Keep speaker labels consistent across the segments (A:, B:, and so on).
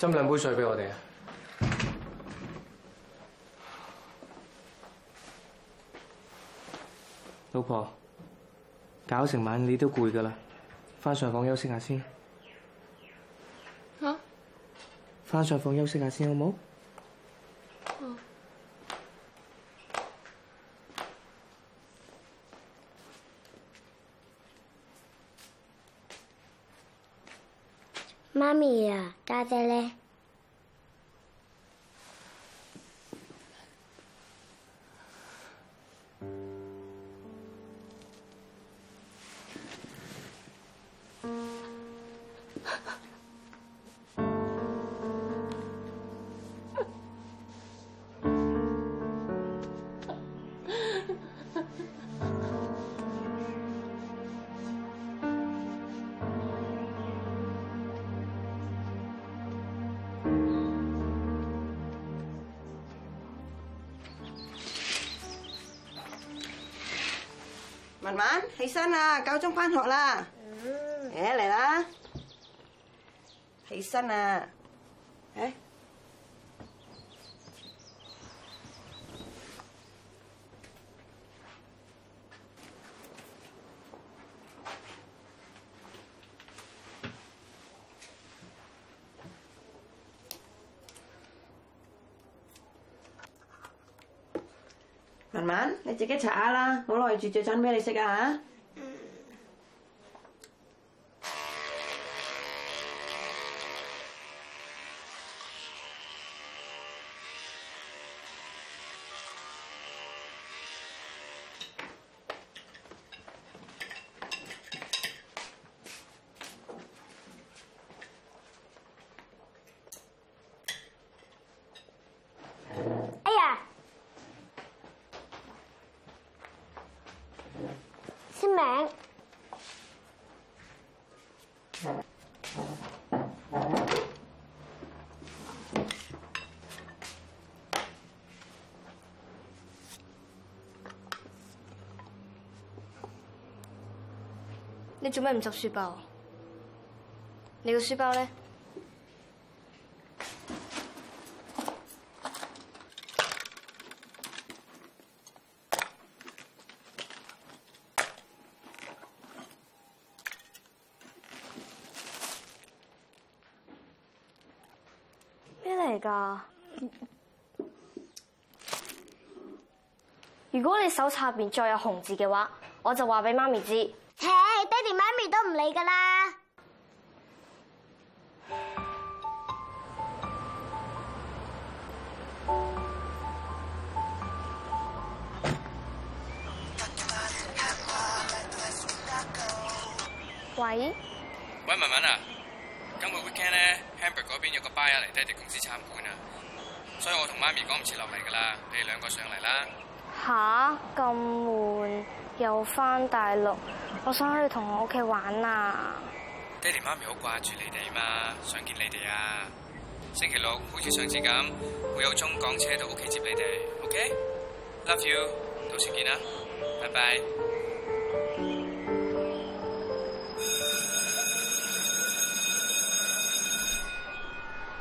A: 斟兩杯水俾我哋啊，老婆，搞成晚你都攰噶啦，翻上房休息一下先。
B: 嚇，
A: 啊，翻上房休息下先好冇？
B: 慢慢起身啦，夠鐘返學啦，爺嚟啦，起身啊！
A: 慢慢你自己查下啦，我耐住最近俾你食啊嚇。
B: 你做咩唔執書包？你個書包呢？嚟噶！如果你手冊入邊再有紅字嘅話，我就話俾媽咪知。嘿，爹哋媽咪都唔理噶啦。咁悶又翻大陸，我想去同我屋企玩啊！
A: 爹哋媽咪好掛住你哋嘛，想見你哋啊！星期六好似上次咁，會有中港車到屋企接你哋，OK？Love you，到時見啦，拜拜。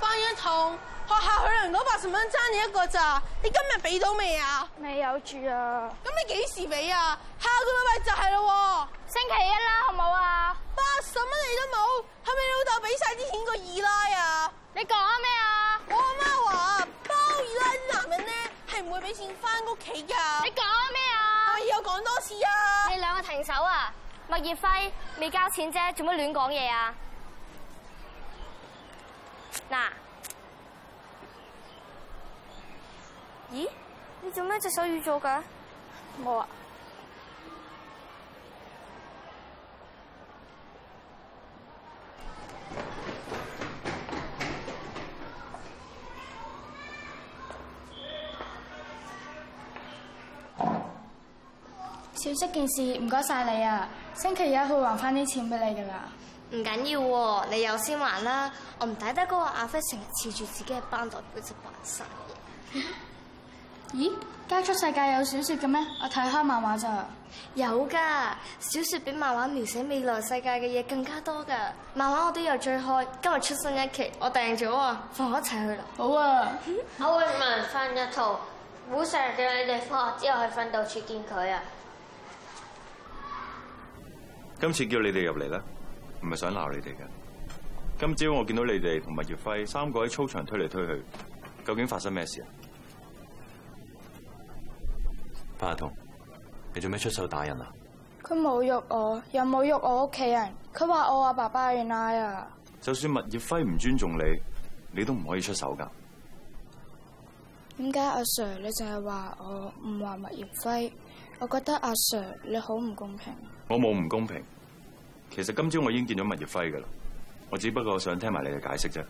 B: 方一筒。學校佢嚟攞八十蚊爭你一個咋？你今日俾到未啊？未有住啊？咁你幾時俾啊？下個禮拜就係咯，啊，星期一啦，好唔好啊？八十蚊你都冇，係咪你老豆俾晒啲錢個二奶啊？你講咩啊？我阿媽話包二奶男人咧係唔會俾錢翻屋企噶。你講咩啊？我有講多次啊！你兩個停手啊！物業費未交錢啫，做乜亂講嘢啊？嗱。你做咩隻手語做嘅？冇啊！小息件事唔該晒你啊，星期一日去還翻啲錢俾你㗎啦。唔緊要喎，你有先還啦。我唔抵得嗰個阿飛成日恃住自己嘅班代表就扮晒。 咦？加速世界有小説嘅咩？我睇開漫畫咋。有噶，小説比漫畫描寫未來世界嘅嘢更加多噶。漫畫我都有追開，今日出新一期，我訂咗喎，放學一齊去啦。好啊。 我會問翻一通，午膳叫你哋放學之後去訓導處
A: 見佢啊。今次叫你哋入嚟咧，唔係想鬧你哋嘅。今朝我見到你哋同埋葉輝三個喺操場推嚟推去，究竟發生咩事啊？阿童，你做咩出手打人啊？
B: 佢侮辱我，又侮辱我屋企人。佢話我阿爸爸要拉啊！
A: 就算物業輝唔尊重你，你都唔可以出手噶。
B: 點解阿 Sir 你淨係話我唔話物業輝？我覺得阿、啊、Sir 你好唔公平。
A: 我冇唔公平。其實今朝我已經見咗物業輝噶啦，我只不過想聽埋你嘅解釋啫。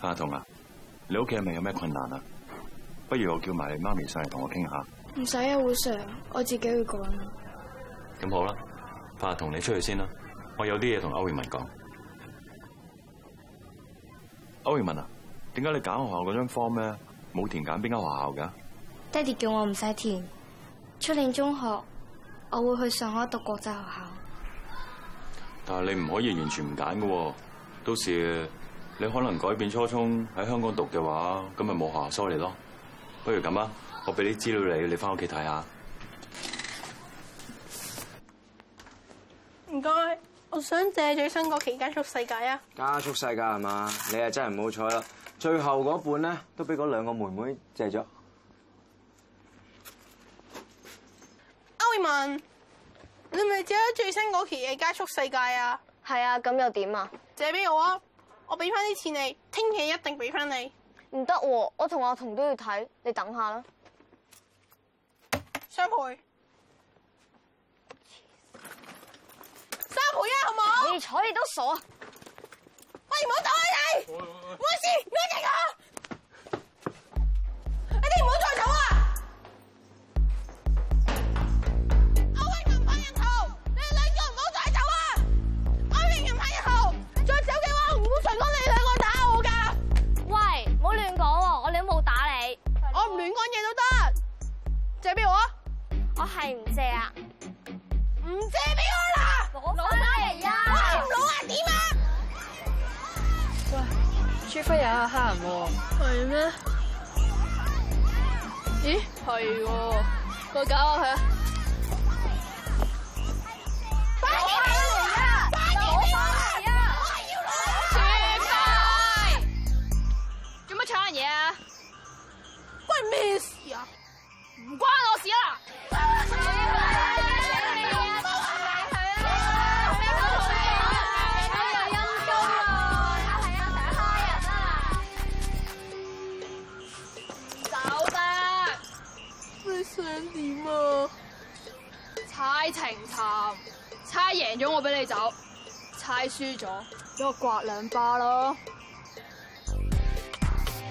A: 阿童啊，你屋企係咪有咩困難啊？嗯、不如我叫埋你媽咪上嚟同我傾下。
B: 唔使啊，胡 sir，我自己會
A: 講啊。咁好啦，快同你出去先啦，我有啲嘢，同歐穎雯講。歐穎雯啊，點解你揀學校嗰張 form 咩？冇填揀邊間學校噶？
B: 爹哋叫我唔使填，出年中學我會去上海讀國際學校。
A: 但係你唔可以完全唔揀噶，到時你可能改變初衷，喺香港讀嘅話，咁咪冇學校收你咯。不如咁啊？我俾啲資料你，你翻屋企睇下。唔該，我想
B: 借最新嗰期《加速
A: 世界》啊。加速世界係嘛？你又真係唔好彩啦！最後嗰半咧，都俾嗰兩個妹妹借咗。
B: 穎雯，你咪借咗最新嗰期嘅《加速世界》啊？係啊，咁又點啊？借俾我，我啊！我俾翻啲錢你，聽日一定俾翻你。唔得，我同阿彤都要睇，你等下啦。雙倍，三倍啊，好冇？你坐你都傻，喂，唔好走啊你！冇事，冇驚我，你哋唔好再走啊！阿威唔係一號，你兩個唔好再走啊！阿威唔係一號，再走嘅話唔會純光你兩個打我噶。喂，唔好亂講喎，我哋都冇打你，的我唔亂講嘢都得，借畀我啊？我係唔借啊！唔借俾我啦！攞翻嚟呀！我唔攞啊？點啊？喂，除非有下嚇人喎、哦！係咩？咦？係喎！個狗啊，佢啊！情尋，猜贏咗我俾你走，猜輸咗俾我刮兩巴咯。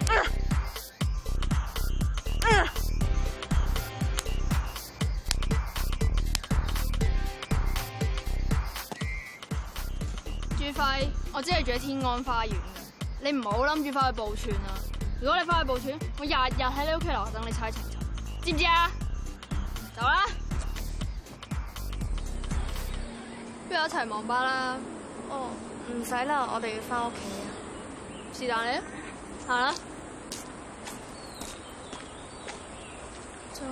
B: 呃呃、朱輝，我知你住喺天安花園，你唔好諗住翻去報串啦、啊。如果你翻去報串，我日日喺你屋企樓下等你猜情尋，知唔知啊？走啦！不如一齊去網吧啦！哦，唔使啦，嗯、我哋要返屋企。是但你啊，下啦吧，走。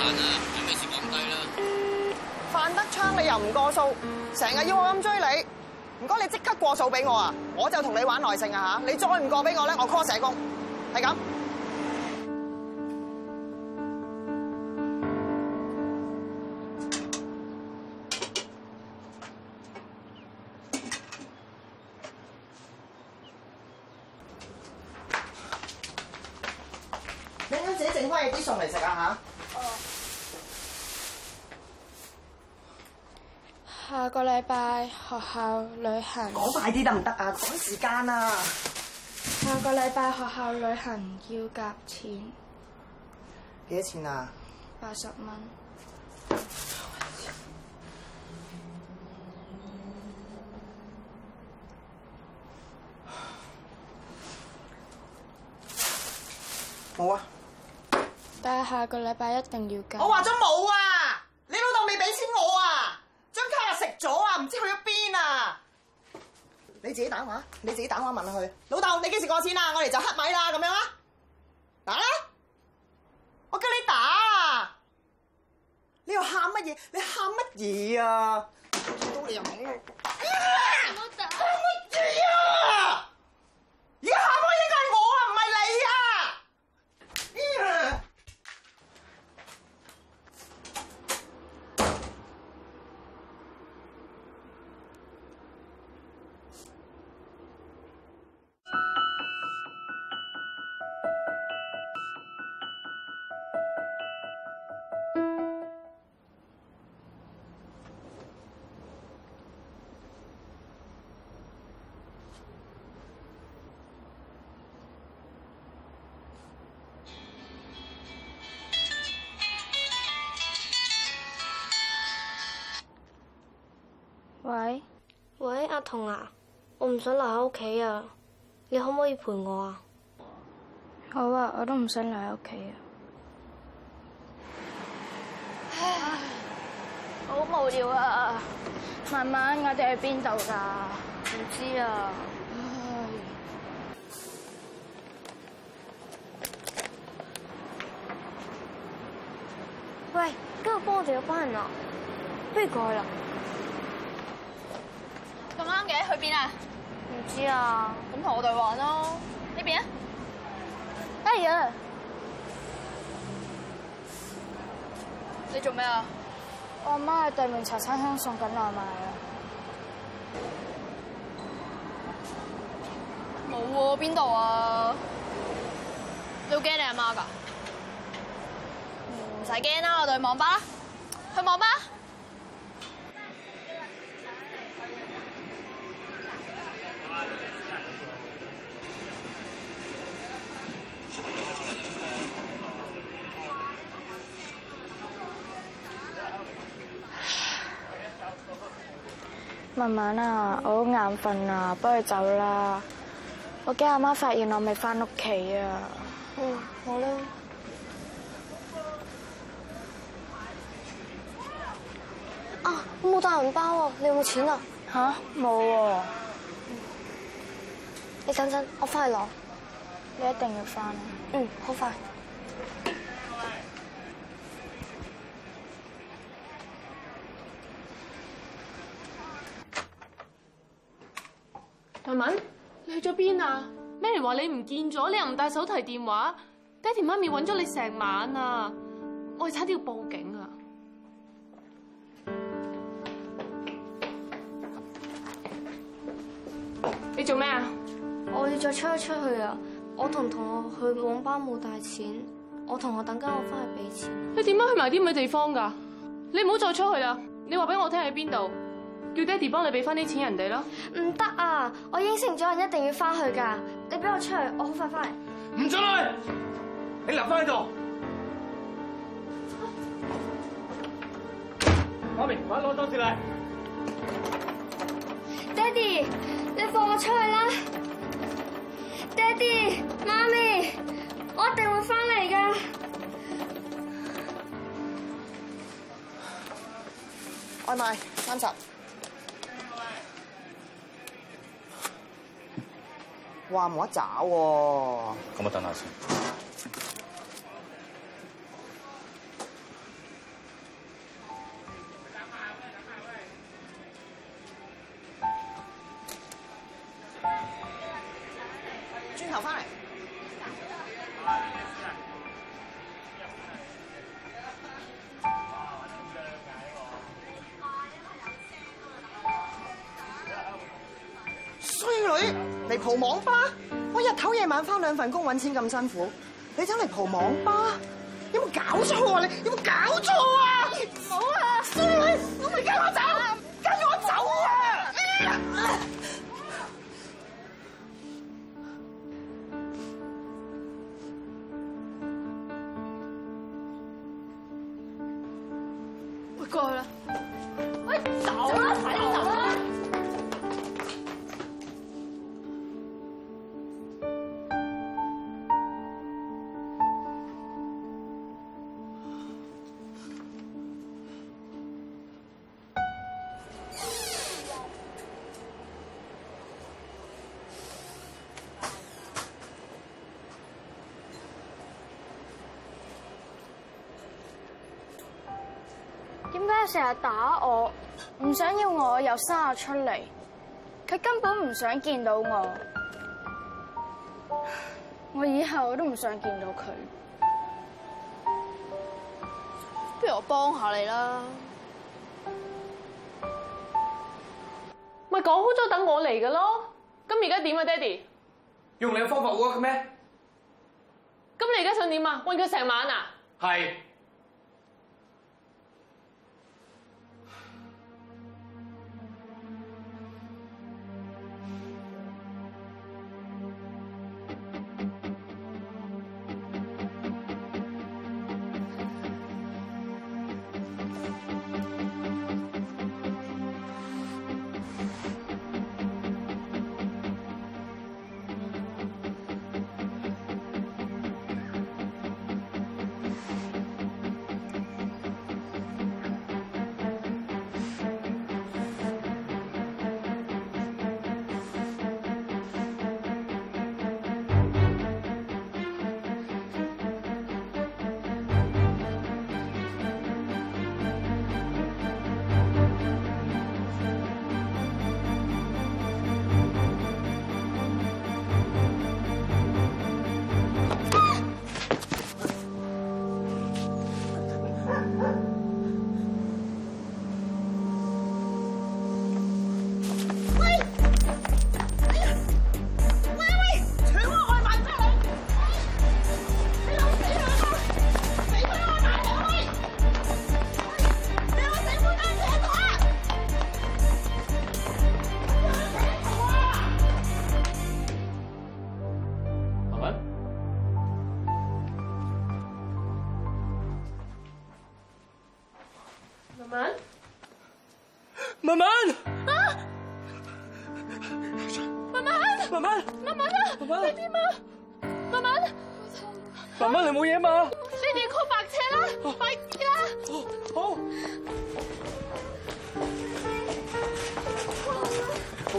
A: 有咩 事講低啦！范德昌，你又唔過數，成日要我咁追你，唔該你即刻過數俾我啊！我就同你玩耐性啊吓！你再唔過俾我咧，我 call 社工，係咁。 你啱自己整翻嘢啲餸嚟食啊吓！
B: 下個禮拜學校旅行，講快啲得唔得啊？趕時間啊！下個禮拜學校旅行要夾錢，
A: 幾多錢啊？
B: 八十蚊。冇啊！嗯嗯嗯嗯、啊但係下個禮拜一定要
A: 夾。我話咗冇啊！唔知去咗邊啊！你自己打電話，你自己打電話問下佢。老豆，你幾時過錢啊？我哋就黑米啦咁樣啊！打啦！我叫你打！你又喊乜嘢？你喊乜嘢啊？到你又
B: 喂喂，阿彤啊，我唔想留喺屋企啊，你可唔可以陪我啊？好啊，我都唔想留喺屋企啊 唉，好無聊啊！慢慢，我哋去邊度㗎？唔 知啊！喂，今日幫我點辦啊？邊改啦？去邊啊？唔知啊，咁同我哋玩咯。呢邊啊？哎你做咩啊？我阿媽喺對面茶餐廳送緊外賣啊。冇喎，邊度啊？都驚你阿媽㗎？唔使驚啦，我哋去網吧，去網吧。慢慢啊，我好眼瞓啊，不如走啦。我驚阿媽發現我未翻屋企啊。嗯，好啦。啊，我冇帶銀包啊，你有冇錢啊？吓、啊？冇喎。你等陣，我翻去攞。你一定要翻啊。嗯，好快。文文，你去咗邊啊？Mary 話你唔見咗，你又唔帶手提電話，爹哋媽咪揾咗你成晚啊！我哋差啲要報警啊！你做咩啊？我要再出一出去啊！我同同學去網吧冇帶錢，我同學等緊我翻去俾錢，你去。你點樣去埋啲咁嘅地方噶？你唔好再出去啊！你話俾我聽喺邊度？叫爹哋幫你俾翻啲錢人哋咯，唔得啊！我應承咗人一定要翻去噶，你俾我出去，我好快
A: 翻嚟。唔准出去，你留翻喺度。媽、啊、咪，快攞東西嚟。
B: 爹哋，你放我出去啦！爹哋，媽咪，我一定會翻嚟噶。
A: 外賣三十。哇！冇得找喎。咁我等下先。蒲網吧，我日頭夜晚返兩份工揾錢咁辛苦，你走嚟蒲網吧，有冇搞錯啊？你有冇搞錯啊？唔好啊！我唔跟我走，跟住我走啊！我
B: 過去啦，我走啦，快啲走啦。成日打我，唔想要我又生咗出嚟，佢根本唔想見到我，我以後都唔想見到佢。不如我幫下你啦，咪講好咗等我嚟㗎囉。咁而家點啊，爹哋？
A: 用你方法 work 咩？
B: 咁你而家想點啊？喂，佢成晚啊？
A: 係。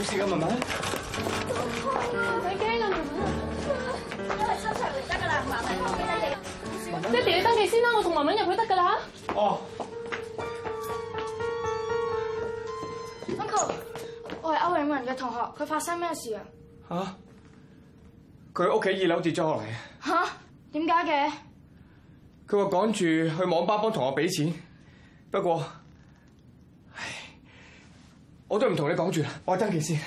A: 冇事噶，文文。好
B: 痛啊！唔使驚啊，文文。因為抽血嚟得噶啦，文文。爹哋要登記先啦，我同文文入去得噶啦。哦。Uncle，我係歐穎雯嘅同學，佢發生咩事啊？吓？
A: 佢屋企二樓跌咗落嚟。
B: 吓？點解嘅？
A: 佢話趕住去網吧幫同學俾錢，不過。我都唔同你講住啦，我登記先。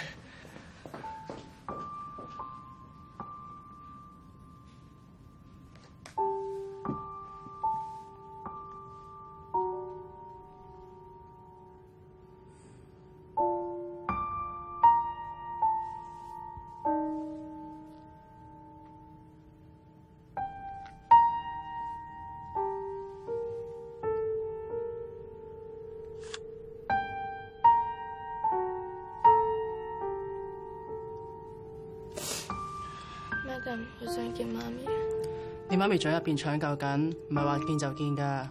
B: 我想見媽咪。你媽咪仲喺入邊搶救緊，唔係話見就見㗎。